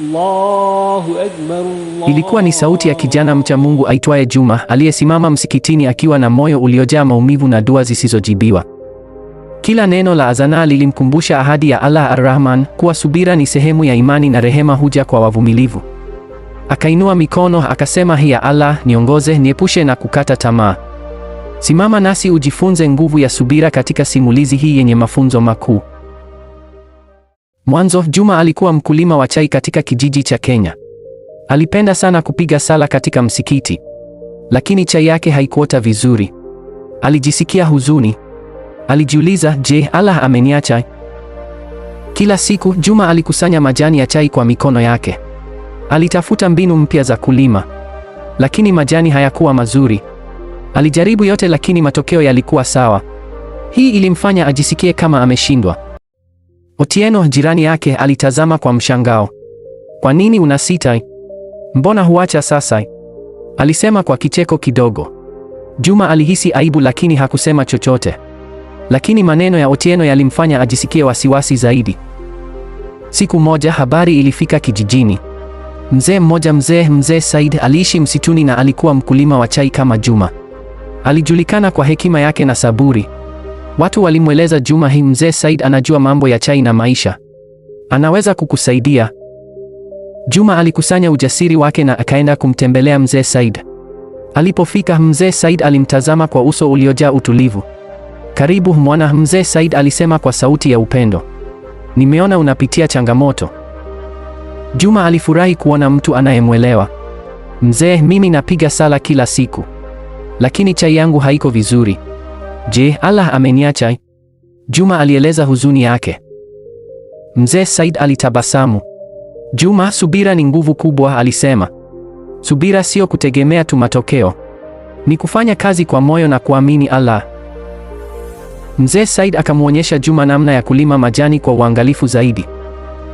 Allahu Akbar, Allah. Ilikuwa ni sauti ya kijana mcha Mungu aitwaye Juma aliyesimama msikitini akiwa na moyo uliojaa maumivu na dua zisizojibiwa. Kila neno la azana lilimkumbusha ahadi ya Allah Ar-Rahman kuwa subira ni sehemu ya imani na rehema huja kwa wavumilivu. Akainua mikono akasema, hiya Allah, niongoze, niepushe na kukata tamaa. Simama nasi ujifunze nguvu ya subira katika simulizi hii yenye mafunzo makuu. Mwanzo, Juma alikuwa mkulima wa chai katika kijiji cha Kenya. Alipenda sana kupiga sala katika msikiti, lakini chai yake haikuota vizuri. Alijisikia huzuni. Alijiuliza, je, Allah ameniacha? Kila siku Juma alikusanya majani ya chai kwa mikono yake. Alitafuta mbinu mpya za kulima, lakini majani hayakuwa mazuri. Alijaribu yote, lakini matokeo yalikuwa sawa. Hii ilimfanya ajisikie kama ameshindwa. Otieno jirani yake alitazama kwa mshangao. Kwa nini unasita? Mbona huacha sasa? Alisema kwa kicheko kidogo. Juma alihisi aibu lakini hakusema chochote. Lakini maneno ya Otieno yalimfanya ajisikie wasiwasi zaidi. Siku moja habari ilifika kijijini. Mzee mmoja mzee mzee Said aliishi msituni na alikuwa mkulima wa chai kama Juma. Alijulikana kwa hekima yake na saburi. Watu walimweleza Juma hii mzee Said anajua mambo ya chai na maisha, anaweza kukusaidia. Juma alikusanya ujasiri wake na akaenda kumtembelea mzee Said. Alipofika, mzee Said alimtazama kwa uso uliojaa utulivu. Karibu mwana, mzee Said alisema kwa sauti ya upendo. Nimeona unapitia changamoto. Juma alifurahi kuona mtu anayemwelewa. Mzee, mimi napiga sala kila siku, lakini chai yangu haiko vizuri. Je, Allah ameniacha? Juma alieleza huzuni yake. Mzee Said alitabasamu. Juma, subira ni nguvu kubwa, alisema. Subira sio kutegemea tu matokeo, ni kufanya kazi kwa moyo na kuamini Allah. Mzee Said akamwonyesha Juma namna ya kulima majani kwa uangalifu zaidi.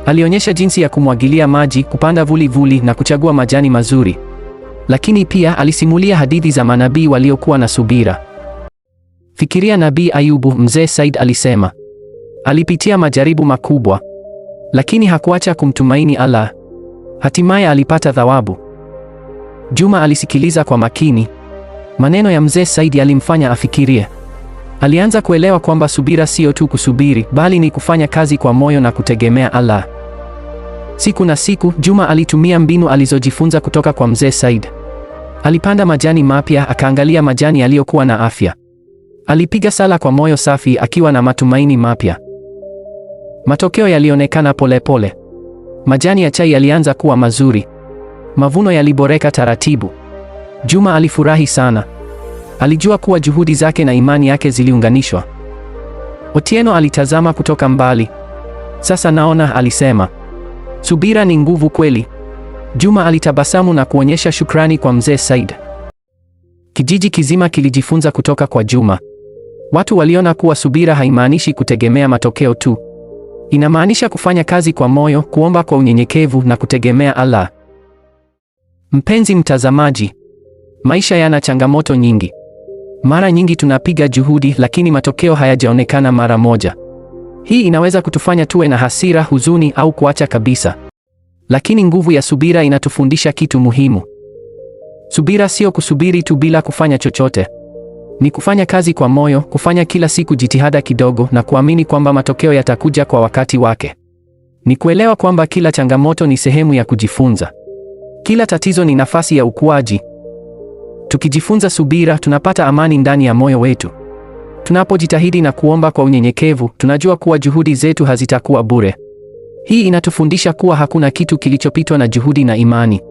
Alionyesha jinsi ya kumwagilia maji, kupanda vuli vuli na kuchagua majani mazuri. Lakini pia alisimulia hadithi za manabii waliokuwa na subira. Fikiria Nabii Ayubu, mzee Said alisema alipitia majaribu makubwa, lakini hakuacha kumtumaini Allah. Hatimaye alipata thawabu. Juma alisikiliza kwa makini. Maneno ya mzee Said yalimfanya afikirie. Alianza kuelewa kwamba subira siyo tu kusubiri, bali ni kufanya kazi kwa moyo na kutegemea Allah. Siku na siku, Juma alitumia mbinu alizojifunza kutoka kwa mzee Said. Alipanda majani mapya, akaangalia majani yaliyokuwa na afya. Alipiga sala kwa moyo safi akiwa na matumaini mapya. Matokeo yalionekana polepole. Majani ya chai yalianza kuwa mazuri. Mavuno yaliboreka taratibu. Juma alifurahi sana. Alijua kuwa juhudi zake na imani yake ziliunganishwa. Otieno alitazama kutoka mbali. Sasa naona, alisema. Subira ni nguvu kweli. Juma alitabasamu na kuonyesha shukrani kwa mzee Said. Kijiji kizima kilijifunza kutoka kwa Juma. Watu waliona kuwa subira haimaanishi kutegemea matokeo tu. Inamaanisha kufanya kazi kwa moyo, kuomba kwa unyenyekevu na kutegemea Allah. Mpenzi mtazamaji, maisha yana changamoto nyingi. Mara nyingi tunapiga juhudi lakini matokeo hayajaonekana mara moja. Hii inaweza kutufanya tuwe na hasira, huzuni au kuacha kabisa. Lakini nguvu ya subira inatufundisha kitu muhimu. Subira sio kusubiri tu bila kufanya chochote. Ni kufanya kazi kwa moyo, kufanya kila siku jitihada kidogo na kuamini kwamba matokeo yatakuja kwa wakati wake. Ni kuelewa kwamba kila changamoto ni sehemu ya kujifunza. Kila tatizo ni nafasi ya ukuaji. Tukijifunza subira, tunapata amani ndani ya moyo wetu. Tunapojitahidi na kuomba kwa unyenyekevu, tunajua kuwa juhudi zetu hazitakuwa bure. Hii inatufundisha kuwa hakuna kitu kilichopitwa na juhudi na imani.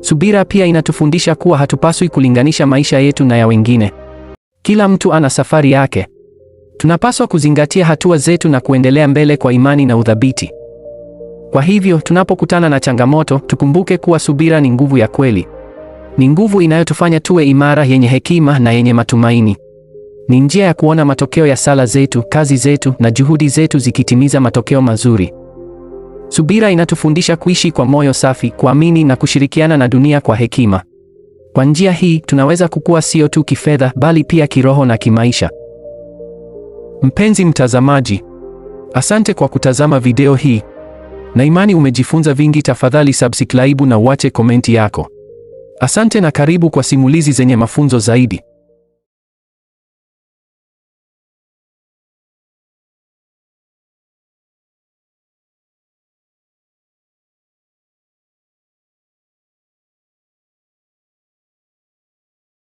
Subira pia inatufundisha kuwa hatupaswi kulinganisha maisha yetu na ya wengine. Kila mtu ana safari yake. Tunapaswa kuzingatia hatua zetu na kuendelea mbele kwa imani na uthabiti. Kwa hivyo, tunapokutana na changamoto, tukumbuke kuwa subira ni nguvu ya kweli. Ni nguvu inayotufanya tuwe imara, yenye hekima na yenye matumaini. Ni njia ya kuona matokeo ya sala zetu, kazi zetu na juhudi zetu zikitimiza matokeo mazuri. Subira inatufundisha kuishi kwa moyo safi, kuamini na kushirikiana na dunia kwa hekima. Kwa njia hii tunaweza kukua sio tu kifedha, bali pia kiroho na kimaisha. Mpenzi mtazamaji, asante kwa kutazama video hii na imani umejifunza vingi. Tafadhali subscribe na uache komenti yako. Asante na karibu kwa simulizi zenye mafunzo zaidi.